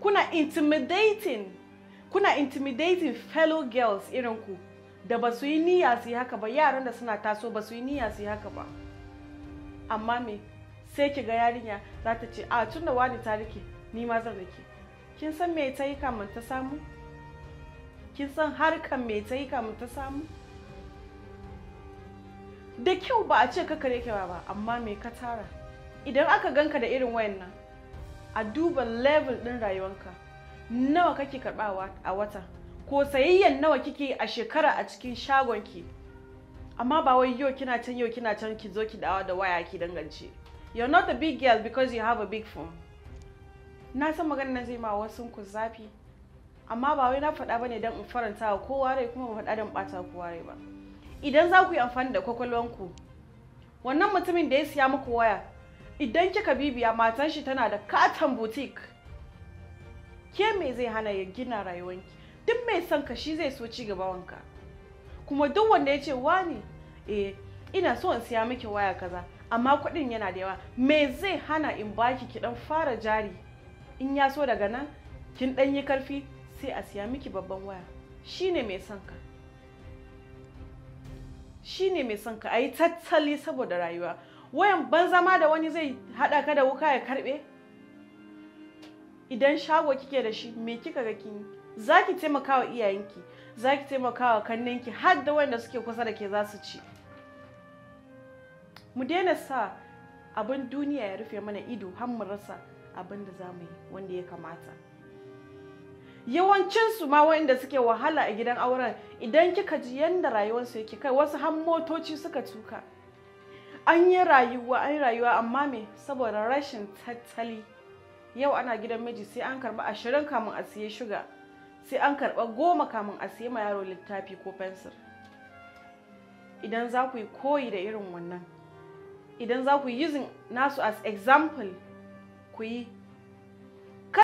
kuna intimidating kuna intimidating fellow girls irinku da ba su yi niyya su yi haka ba yaran da suna taso ba su yi niyya su yi haka ba amma me sai ki ga yarinya za ta ce a tun da wani ta rike ni ma zan rike kin san me ta yi kamun ta samu kin san harkan me ta yi kamun ta samu da kyau ba a ce ka kare ba amma me ka tara idan aka ganka da irin wayannan a duba level ɗin rayuwanka nawa kake karɓawa a wata ko sayayyan nawa kike a shekara a cikin shagonki amma ba wai yau kina can yau kina can ki zo ki dawa da waya ki dangance you're not a big girl because you have a big phone na san maganar na zai ma wasu ku zafi amma ba wai na faɗa bane don in faranta wa kowa rai kuma ba faɗa don ɓata kowa rai ba idan za ku yi amfani da kwakwalwanku wannan mutumin da ya siya muku waya idan kika bibiya matan shi tana da katon boutique ke me zai hana ya gina rayuwanki duk mai son ka shi zai so ci gaba wanka kuma duk wanda ya ce wa ne? eh ina so in siya miki waya kaza amma kuɗin yana da yawa me zai hana in baki ki dan fara jari in ya so daga nan kin dan yi karfi sai a siya miki babban waya shine mai son ka shine mai son ka ayi tattali saboda rayuwa wayan ban zama da wani zai haɗa ka da wuka ya karɓe idan shago kike da shi me kika ga kin za taimaka wa iyayenki za ki taimaka wa kannenki har da wanda suke kusa da ke za su ci mu daina sa abin duniya ya rufe mana ido har mu rasa abin da za mu yi wanda ya kamata yawancinsu ma wanda suke wahala a gidan auren idan kika ji yadda rayuwarsu yake kai wasu har motoci suka tuka an yi rayuwa an yi rayuwa amma me saboda rashin tattali yau ana gidan miji sai an karba ashirin kamun a siye shuga sai an karba goma kamun a siye ma yaro littafi ko fensir idan za ku yi koyi da irin wannan idan za ku yi using nasu as example ku yi